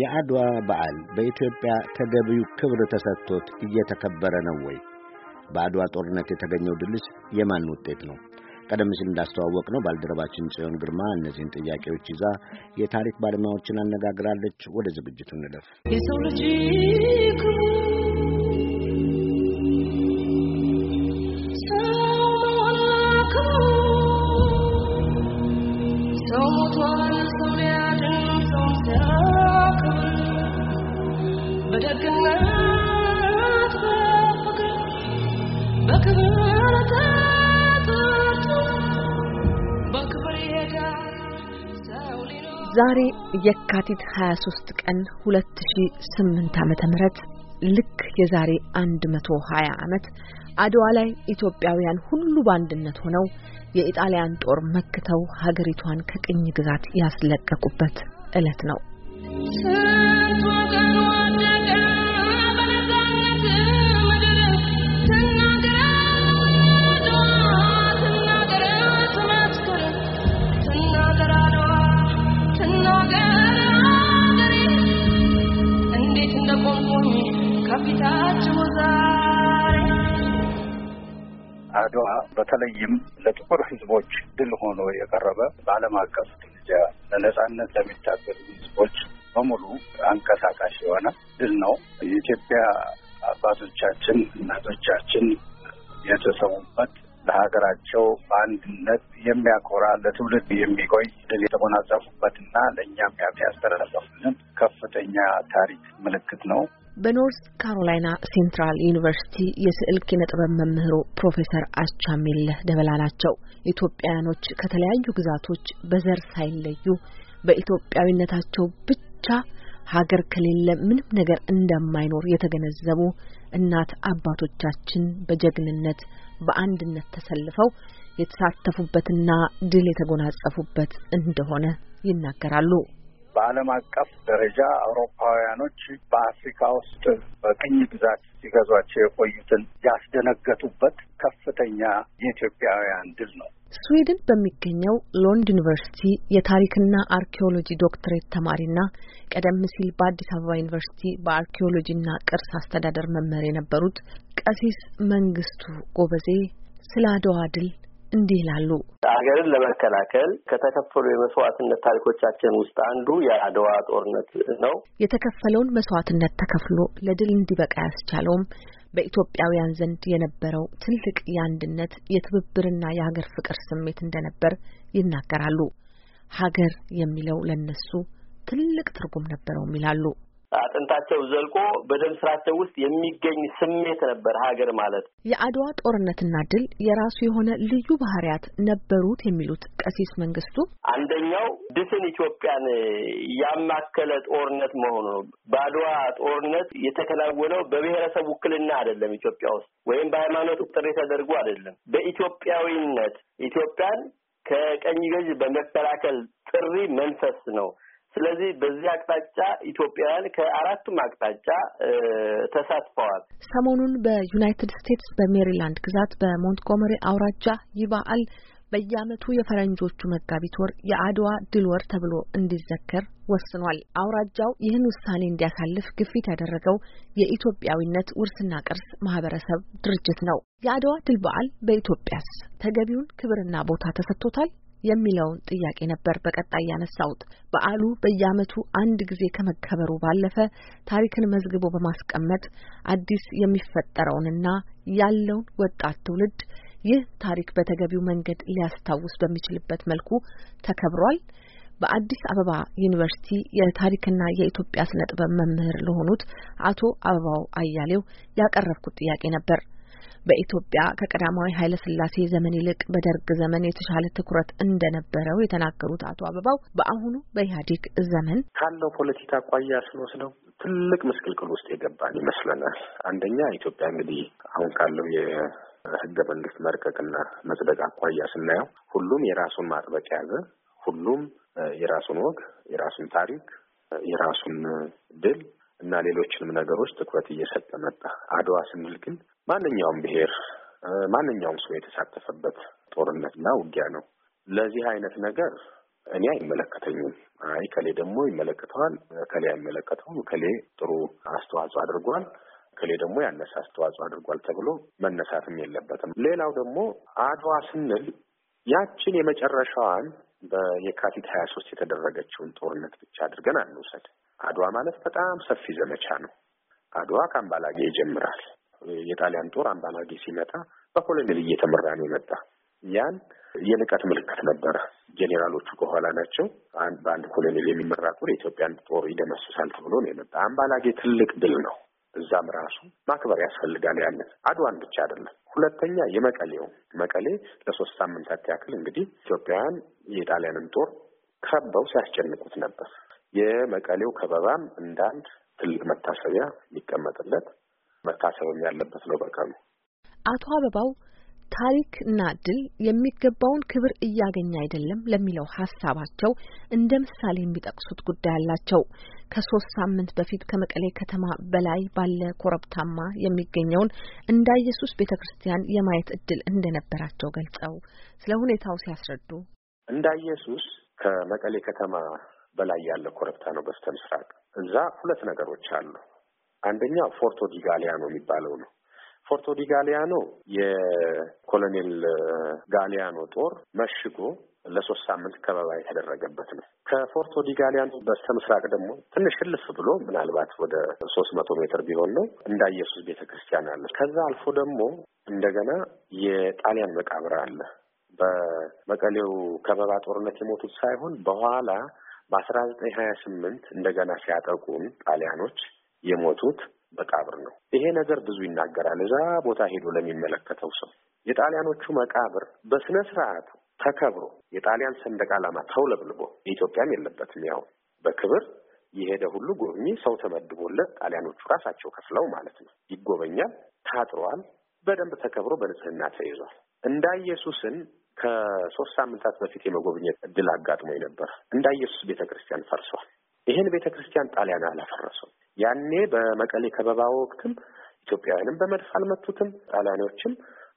የአድዋ በዓል በኢትዮጵያ ተገቢው ክብር ተሰጥቶት እየተከበረ ነው ወይ? በአድዋ ጦርነት የተገኘው ድልስ የማን ውጤት ነው? ቀደም ሲል እንዳስተዋወቅ ነው ባልደረባችን ጽዮን ግርማ እነዚህን ጥያቄዎች ይዛ የታሪክ ባለሙያዎችን አነጋግራለች። ወደ ዝግጅቱ እንለፍ። የሰው ልጅ ዛሬ የካቲት 23 ቀን 2008 ዓመተ ምህረት ልክ የዛሬ 120 ዓመት አድዋ ላይ ኢትዮጵያውያን ሁሉ በአንድነት ሆነው የኢጣሊያን ጦር መክተው ሀገሪቷን ከቅኝ ግዛት ያስለቀቁበት ዕለት ነው። ከፊታችሁ ዛሬ አድዋ በተለይም ለጥቁር ህዝቦች ድል ሆኖ የቀረበ በዓለም አቀፍ ደረጃ ለነጻነት ለሚታገሉ ህዝቦች በሙሉ አንቀሳቃሽ የሆነ ድል ነው። የኢትዮጵያ አባቶቻችን እናቶቻችን የተሰዉበት ለሀገራቸው በአንድነት የሚያኮራ ለትውልድ የሚቆይ ድል የተጎናጸፉበትና ለእኛም ያስተላለፉልን ከፍተኛ ታሪክ ምልክት ነው። በኖርስ ካሮላይና ሴንትራል ዩኒቨርሲቲ የስዕል ኪነ ጥበብ መምህሩ ፕሮፌሰር አቻሜለህ ደበላ ናቸው። ኢትዮጵያውያኖች ከተለያዩ ግዛቶች በዘር ሳይለዩ በኢትዮጵያዊነታቸው ብቻ ሀገር ከሌለ ምንም ነገር እንደማይኖር የተገነዘቡ እናት አባቶቻችን በጀግንነት በአንድነት ተሰልፈው የተሳተፉበትና ድል የተጎናጸፉበት እንደሆነ ይናገራሉ። በዓለም አቀፍ ደረጃ አውሮፓውያኖች በአፍሪካ ውስጥ በቅኝ ግዛት ሲገዟቸው የቆዩትን ያስደነገጡበት ከፍተኛ የኢትዮጵያውያን ድል ነው። ስዊድን በሚገኘው ሎንድ ዩኒቨርሲቲ የታሪክና አርኪኦሎጂ ዶክትሬት ተማሪና ቀደም ሲል በአዲስ አበባ ዩኒቨርሲቲ በአርኪኦሎጂና ቅርስ አስተዳደር መምህር የነበሩት ቀሲስ መንግስቱ ጎበዜ ስለ አድዋ ድል እንዲህ ይላሉ። ሀገርን ለመከላከል ከተከፈሉ የመስዋዕትነት ታሪኮቻችን ውስጥ አንዱ የአድዋ ጦርነት ነው። የተከፈለውን መስዋዕትነት ተከፍሎ ለድል እንዲበቃ ያስቻለውም በኢትዮጵያውያን ዘንድ የነበረው ትልቅ የአንድነት የትብብርና የሀገር ፍቅር ስሜት እንደነበር ይናገራሉ። ሀገር የሚለው ለነሱ ትልቅ ትርጉም ነበረውም ይላሉ። አጥንታቸው ዘልቆ በደም ስራቸው ውስጥ የሚገኝ ስሜት ነበር ሀገር ማለት። የአድዋ ጦርነትና ድል የራሱ የሆነ ልዩ ባህሪያት ነበሩት የሚሉት ቀሲስ መንግስቱ፣ አንደኛው ድፍን ኢትዮጵያን ያማከለ ጦርነት መሆኑ ነው። በአድዋ ጦርነት የተከናወነው በብሔረሰብ ውክልና አይደለም፣ ኢትዮጵያ ውስጥ ወይም በሃይማኖት ጥሪ ተደርጎ አይደለም። በኢትዮጵያዊነት ኢትዮጵያን ከቀኝ ገዥ በመከላከል ጥሪ መንፈስ ነው ስለዚህ በዚህ አቅጣጫ ኢትዮጵያውያን ከአራቱም አቅጣጫ ተሳትፈዋል። ሰሞኑን በዩናይትድ ስቴትስ በሜሪላንድ ግዛት በሞንትጎመሪ አውራጃ ይህ በዓል በየዓመቱ የፈረንጆቹ መጋቢት ወር የአድዋ ድል ወር ተብሎ እንዲዘከር ወስኗል። አውራጃው ይህን ውሳኔ እንዲያሳልፍ ግፊት ያደረገው የኢትዮጵያዊነት ውርስና ቅርስ ማህበረሰብ ድርጅት ነው። የአድዋ ድል በዓል በኢትዮጵያስ ተገቢውን ክብርና ቦታ ተሰጥቶታል? የሚለውን ጥያቄ ነበር በቀጣይ ያነሳውት። በዓሉ በየዓመቱ አንድ ጊዜ ከመከበሩ ባለፈ ታሪክን መዝግቦ በማስቀመጥ አዲስ የሚፈጠረውንና ያለውን ወጣት ትውልድ ይህ ታሪክ በተገቢው መንገድ ሊያስታውስ በሚችልበት መልኩ ተከብሯል። በአዲስ አበባ ዩኒቨርሲቲ የታሪክና የኢትዮጵያ ስነ ጥበብ መምህር ለሆኑት አቶ አበባው አያሌው ያቀረብኩት ጥያቄ ነበር። በኢትዮጵያ ከቀዳማዊ ኃይለ ስላሴ ዘመን ይልቅ በደርግ ዘመን የተሻለ ትኩረት እንደነበረው የተናገሩት አቶ አበባው በአሁኑ በኢህአዴግ ዘመን ካለው ፖለቲካ አኳያ ስንወስደው ትልቅ ምስቅልቅል ውስጥ የገባን ይመስለናል። አንደኛ ኢትዮጵያ እንግዲህ አሁን ካለው የህገ መንግስት መርቀቅና መጽደቅ አኳያ ስናየው ሁሉም የራሱን ማጥበቅ ያዘ። ሁሉም የራሱን ወግ፣ የራሱን ታሪክ፣ የራሱን ድል እና ሌሎችንም ነገሮች ትኩረት እየሰጠ መጣ። አድዋ ስንል ግን ማንኛውም ብሔር ማንኛውም ሰው የተሳተፈበት ጦርነትና ውጊያ ነው። ለዚህ አይነት ነገር እኔ አይመለከተኝም። አይ ከሌ ደግሞ ይመለከተዋል፣ ከሌ አይመለከተውም፣ ከሌ ጥሩ አስተዋጽኦ አድርጓል፣ ከሌ ደግሞ ያነሰ አስተዋጽኦ አድርጓል ተብሎ መነሳትም የለበትም። ሌላው ደግሞ አድዋ ስንል ያችን የመጨረሻዋን በየካቲት ሀያ ሶስት የተደረገችውን ጦርነት ብቻ አድርገን አንውሰድ። አድዋ ማለት በጣም ሰፊ ዘመቻ ነው። አድዋ ከአምባላጌ ይጀምራል። የጣሊያን ጦር አምባላጌ ሲመጣ በኮሎኔል እየተመራ ነው የመጣ። ያን የንቀት ምልክት ነበረ። ጄኔራሎቹ ከኋላ ናቸው። በአንድ ኮሎኔል የሚመራ ጦር የኢትዮጵያን ጦር ይደመስሳል ተብሎ ነው የመጣ። አምባላጌ ትልቅ ድል ነው። እዛም ራሱ ማክበር ያስፈልጋል። ያንን አድዋን ብቻ አይደለም። ሁለተኛ የመቀሌው መቀሌ ለሶስት ሳምንታት ያክል እንግዲህ ኢትዮጵያውያን የጣሊያንን ጦር ከበው ሲያስጨንቁት ነበር። የመቀሌው ከበባም እንዳንድ ትልቅ መታሰቢያ የሚቀመጥለት መታሰብም ያለበት ነው በቀኑ። አቶ አበባው ታሪክና ድል የሚገባውን ክብር እያገኘ አይደለም ለሚለው ሀሳባቸው እንደ ምሳሌ የሚጠቅሱት ጉዳይ አላቸው። ከሶስት ሳምንት በፊት ከመቀሌ ከተማ በላይ ባለ ኮረብታማ የሚገኘውን እንዳ ኢየሱስ ቤተ ክርስቲያን የማየት እድል እንደነበራቸው ገልጸው ስለ ሁኔታው ሲያስረዱ እንዳ ኢየሱስ ከመቀሌ ከተማ በላይ ያለ ኮረብታ ነው በስተ ምስራቅ። እዛ ሁለት ነገሮች አሉ። አንደኛው ፎርቶ ዲ ጋሊያኖ የሚባለው ነው። ፎርቶ ዲ ጋሊያኖ የኮሎኔል ጋሊያኖ ጦር መሽጎ ለሶስት ሳምንት ከበባ የተደረገበት ነው። ከፎርቶ ዲ ጋሊያኖ በስተ ምስራቅ ደግሞ ትንሽ እልፍ ብሎ ምናልባት ወደ ሶስት መቶ ሜትር ቢሆን ነው እንዳ ኢየሱስ ቤተ ክርስቲያን አለ። ከዛ አልፎ ደግሞ እንደገና የጣሊያን መቃብር አለ። በመቀሌው ከበባ ጦርነት የሞቱት ሳይሆን በኋላ በአስራ ዘጠኝ ሀያ ስምንት እንደገና ሲያጠቁን ጣሊያኖች የሞቱት መቃብር ነው። ይሄ ነገር ብዙ ይናገራል። እዛ ቦታ ሄዶ ለሚመለከተው ሰው የጣሊያኖቹ መቃብር በስነ ስርዓቱ ተከብሮ የጣሊያን ሰንደቅ ዓላማ ተውለብልቦ ኢትዮጵያም የለበትም ያው በክብር የሄደ ሁሉ ጎብኚ ሰው ተመድቦለት ጣሊያኖቹ ራሳቸው ከፍለው ማለት ነው ይጎበኛል። ታጥሯል። በደንብ ተከብሮ በንጽህና ተይዟል። እንዳ ኢየሱስን ከሶስት ሳምንታት በፊት የመጎብኘት እድል አጋጥሞ ነበር። እንዳ ኢየሱስ ቤተ ክርስቲያን ፈርሷል። ይህን ቤተ ክርስቲያን ጣሊያን አላፈረሰው። ያኔ በመቀሌ ከበባ ወቅትም ኢትዮጵያውያንም በመድፍ አልመቱትም። ጣሊያኖችም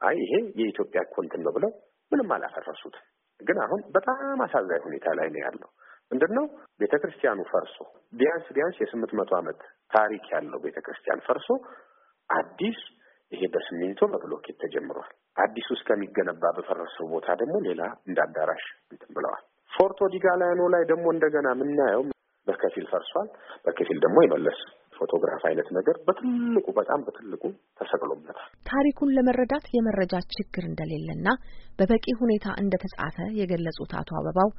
አይ ይሄ የኢትዮጵያ እኮ እንትን ነው ብለው ምንም አላፈረሱትም። ግን አሁን በጣም አሳዛኝ ሁኔታ ላይ ነው ያለው። ምንድን ነው ቤተ ክርስቲያኑ ፈርሶ ቢያንስ ቢያንስ የስምንት መቶ ዓመት ታሪክ ያለው ቤተ ክርስቲያን ፈርሶ አዲስ ይሄ በሲሚንቶ በብሎኬት ተጀምሯል። አዲሱ እስከሚገነባ በፈረሰው ቦታ ደግሞ ሌላ እንደ አዳራሽ እንትን ብለዋል። ፎርቶ ዲጋላያኖ ላይ ደግሞ እንደገና የምናየው በከፊል ፈርሷል፣ በከፊል ደግሞ የመለስ ፎቶግራፍ አይነት ነገር በትልቁ በጣም በትልቁ ተሰቅሎበታል። ታሪኩን ለመረዳት የመረጃ ችግር እንደሌለና በበቂ ሁኔታ እንደተጻፈ የገለጹት አቶ አበባው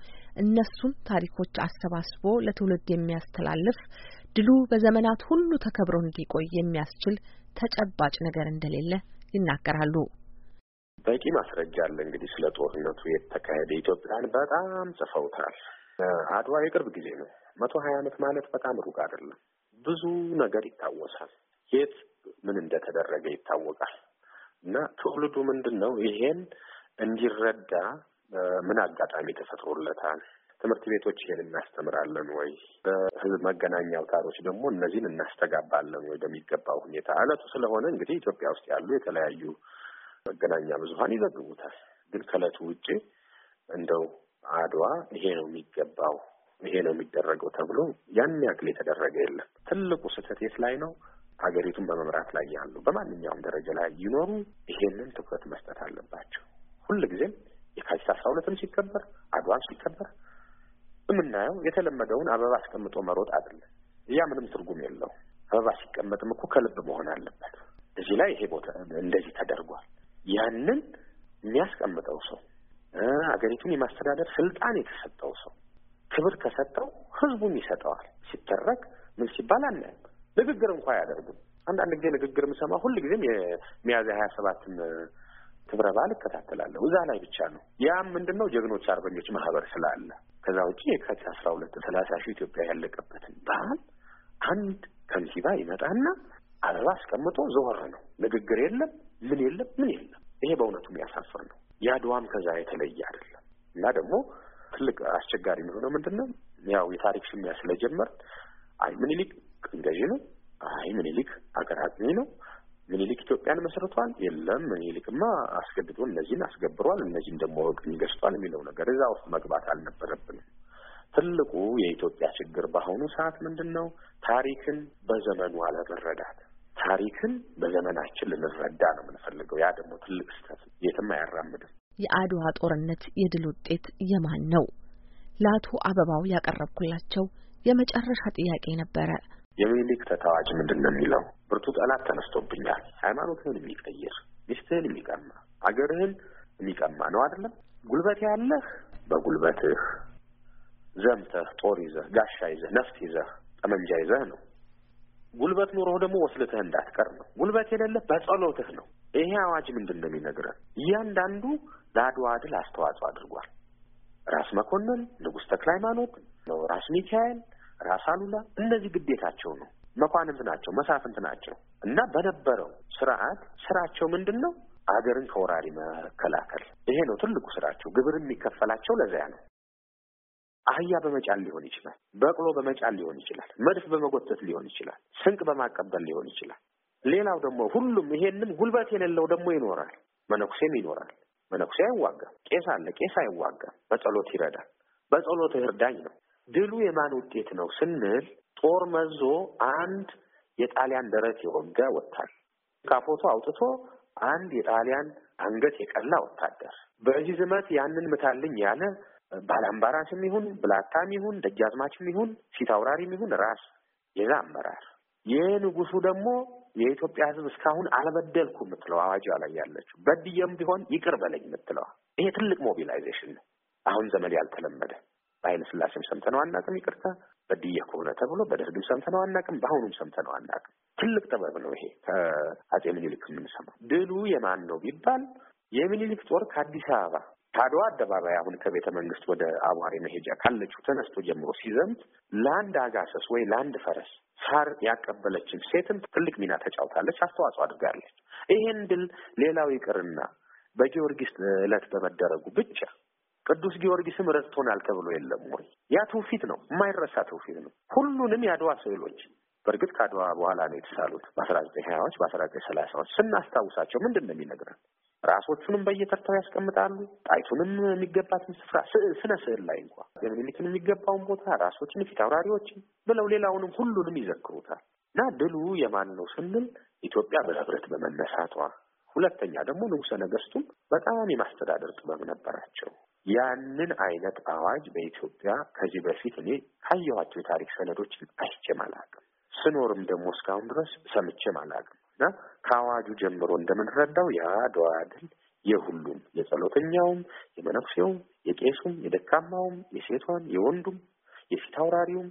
እነሱን ታሪኮች አሰባስቦ ለትውልድ የሚያስተላልፍ ድሉ በዘመናት ሁሉ ተከብሮ እንዲቆይ የሚያስችል ተጨባጭ ነገር እንደሌለ ይናገራሉ። በቂ ማስረጃ አለ። እንግዲህ ስለ ጦርነቱ የተካሄደ ኢትዮጵያን በጣም ጽፈውታል። አድዋ የቅርብ ጊዜ ነው። መቶ ሀያ ዓመት ማለት በጣም ሩቅ አይደለም። ብዙ ነገር ይታወሳል። የት ምን እንደተደረገ ይታወቃል። እና ትውልዱ ምንድን ነው ይሄን እንዲረዳ ምን አጋጣሚ ተፈጥሮለታል? ትምህርት ቤቶች ይሄን እናስተምራለን ወይ? በህዝብ መገናኛ አውታሮች ደግሞ እነዚህን እናስተጋባለን ወይ? በሚገባው ሁኔታ አለቱ ስለሆነ እንግዲህ ኢትዮጵያ ውስጥ ያሉ የተለያዩ መገናኛ ብዙኃን ይዘግቡታል። ግን ከእለቱ ውጭ እንደው አድዋ ይሄ ነው የሚገባው ይሄ ነው የሚደረገው ተብሎ ያን ያክል የተደረገ የለም። ትልቁ ስህተት የት ላይ ነው? ሀገሪቱን በመምራት ላይ ያሉ በማንኛውም ደረጃ ላይ ይኖሩ ይሄንን ትኩረት መስጠት አለባቸው። ሁልጊዜም የካቲት አስራ ሁለትም ሲከበር አድዋም ሲከበር የምናየው የተለመደውን አበባ አስቀምጦ መሮጥ አይደለም። ያ ምንም ትርጉም የለው አበባ ሲቀመጥም እኮ ከልብ መሆን አለበት። እዚህ ላይ ይሄ ቦታ እንደዚህ ተደርጓል ያንን የሚያስቀምጠው ሰው አገሪቱን የማስተዳደር ስልጣን የተሰጠው ሰው ክብር ከሰጠው ህዝቡም ይሰጠዋል። ሲተረክ ምን ሲባል አናያም። ንግግር እንኳ አያደርጉም። አንዳንድ ጊዜ ንግግር የምሰማ ሁል ጊዜም የሚያዝያ ሀያ ሰባትን ክብረ በዓል እከታተላለሁ። እዛ ላይ ብቻ ነው። ያም ምንድን ነው ጀግኖች አርበኞች ማህበር ስላለ ከዛ ውጭ የካቲት አስራ ሁለት ሰላሳ ሺህ ኢትዮጵያ ያለቀበትን በዓል አንድ ከንቲባ ይመጣና አበባ አስቀምጦ ዞር ነው። ንግግር የለም። ምን የለም ምን የለም። ይሄ በእውነቱ የሚያሳፍር ነው። የአድዋም ከዛ የተለየ አይደለም እና ደግሞ ትልቅ አስቸጋሪ የሚሆነው ምንድን ነው? ያው የታሪክ ሽሚያ ስለጀመር አይ ምኒልክ ቅኝ ገዢ ነው፣ አይ ምኒልክ አገር አጥኚ ነው፣ ምኒልክ ኢትዮጵያን መስርቷል፣ የለም ምኒልክማ አስገድዶ እነዚህን አስገብሯል፣ እነዚህን ደግሞ ቅኝ ገዝቷል የሚለው ነገር እዛ ውስጥ መግባት አልነበረብንም። ትልቁ የኢትዮጵያ ችግር በአሁኑ ሰዓት ምንድን ነው? ታሪክን በዘመኑ አለመረዳት ታሪክን በዘመናችን ልንረዳ ነው የምንፈልገው። ያ ደግሞ ትልቅ ስህተት የትም አያራምድም። የአድዋ ጦርነት የድል ውጤት የማን ነው? ለአቶ አበባው ያቀረብኩላቸው የመጨረሻ ጥያቄ ነበረ። የሚኒሊክ ተታዋጅ ምንድን ነው የሚለው ብርቱ ጠላት ተነስቶብኛል፣ ሃይማኖትህን የሚቀይር ሚስትህን የሚቀማ አገርህን የሚቀማ ነው አይደለም። ጉልበት ያለህ በጉልበትህ ዘምተህ ጦር ይዘህ ጋሻ ይዘህ ነፍት ይዘህ ጠመንጃ ይዘህ ነው ጉልበት ኑሮ ደግሞ ወስልትህ እንዳትቀር ነው። ጉልበት የሌለ በጸሎትህ ነው። ይሄ አዋጅ ምንድን ነው የሚነግረን? እያንዳንዱ ለአድዋ ድል አስተዋጽኦ አድርጓል። ራስ መኮንን፣ ንጉሥ ተክለ ሃይማኖት፣ ራስ ሚካኤል፣ ራስ አሉላ እነዚህ ግዴታቸው ነው። መኳንንት ናቸው፣ መሳፍንት ናቸው እና በነበረው ስርዓት ስራቸው ምንድን ነው? አገርን ከወራሪ መከላከል። ይሄ ነው ትልቁ ስራቸው። ግብር የሚከፈላቸው ለዚያ ነው። አህያ በመጫን ሊሆን ይችላል። በቅሎ በመጫን ሊሆን ይችላል። መድፍ በመጎተት ሊሆን ይችላል። ስንቅ በማቀበል ሊሆን ይችላል። ሌላው ደግሞ ሁሉም ይሄንም ጉልበት የሌለው ደግሞ ይኖራል። መነኩሴም ይኖራል። መነኩሴ አይዋጋም። ቄስ አለ። ቄስ አይዋጋም። በጸሎት ይረዳል። በጸሎት እርዳኝ ነው። ድሉ የማን ውጤት ነው ስንል ጦር መዞ አንድ የጣሊያን ደረት የወጋ ወታል። ካፎቶ አውጥቶ አንድ የጣሊያን አንገት የቀላ ወታደር በዚህ ዝመት ያንን ምታልኝ ያለ ባላምባራስም ይሁን ብላታም ይሁን ደጃዝማችም ይሁን ፊት ይሁን ራስ የዛ አመራር የንጉሱ ደግሞ የኢትዮጵያ ሕዝብ እስካሁን አልበደልኩ የምትለው አዋጇ ላይ ያለችው በድየም ቢሆን ይቅር በለኝ የምትለዋ ይሄ ትልቅ ሞቢላይዜሽን ነው። አሁን ዘመን ያልተለመደ በኃይለ ሥላሴም ሰምተነው አናቅም። ይቅርታ በድየ ከሆነ ተብሎ በደርግም ሰምተነው አናቅም። በአሁኑም ሰምተነው አናቅም። ትልቅ ጥበብ ነው ይሄ። ከአጼ ምኒልክ የምንሰማው ድሉ የማን ነው ቢባል የምኒልክ ጦር ከአዲስ አበባ ከአድዋ አደባባይ አሁን ከቤተ መንግስት ወደ አዋሬ መሄጃ ካለችው ተነስቶ ጀምሮ ሲዘምት ለአንድ አጋሰስ ወይ ለአንድ ፈረስ ሳር ያቀበለችን ሴትም ትልቅ ሚና ተጫውታለች፣ አስተዋጽኦ አድርጋለች። ይሄን ድል ሌላው ይቅርና በጊዮርጊስ ዕለት በመደረጉ ብቻ ቅዱስ ጊዮርጊስም ረድቶናል ተብሎ የለም ወይ? ያ ትውፊት ነው፣ የማይረሳ ትውፊት ነው። ሁሉንም የአድዋ ስዕሎች በእርግጥ ከአድዋ በኋላ ነው የተሳሉት፣ በአስራ ዘጠኝ ሀያዎች በአስራ ዘጠኝ ሰላሳዎች ስናስታውሳቸው ምንድን ነው የሚነግረን? ራሶቹንም በየተርታው ያስቀምጣሉ። ጣይቱንም የሚገባትን ስፍራ ስነ ስዕል ላይ እንኳ የምኒልክን የሚገባውን ቦታ፣ ራሶችን፣ ፊት አውራሪዎችን ብለው ሌላውንም ሁሉንም ይዘክሩታል እና ድሉ የማን ነው ስንል ኢትዮጵያ በህብረት በመነሳቷ፣ ሁለተኛ ደግሞ ንጉሰ ነገስቱም በጣም የማስተዳደር ጥበብ ነበራቸው። ያንን አይነት አዋጅ በኢትዮጵያ ከዚህ በፊት እኔ ካየኋቸው የታሪክ ሰነዶችን አይቼም አላቅም። ስኖርም ደግሞ እስካሁን ድረስ ሰምቼም አላቅም። እና ከአዋጁ ጀምሮ እንደምንረዳው የአድዋ ድል የሁሉም የጸሎተኛውም፣ የመነኩሴውም፣ የቄሱም፣ የደካማውም፣ የሴቷን፣ የወንዱም፣ የፊት አውራሪውም፣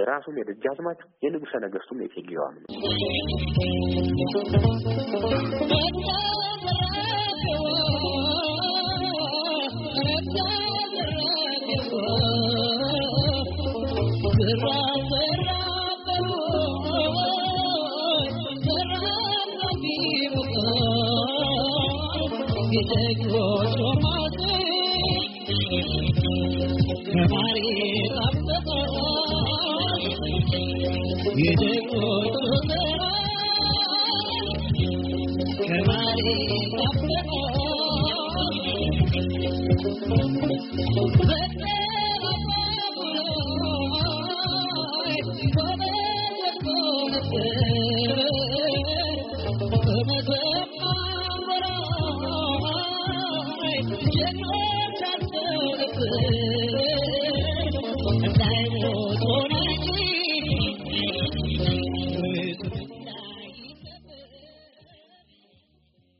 የራሱም፣ አዝማች የንጉሠ ነገሥቱም የእቴጌዋም ነው። Good But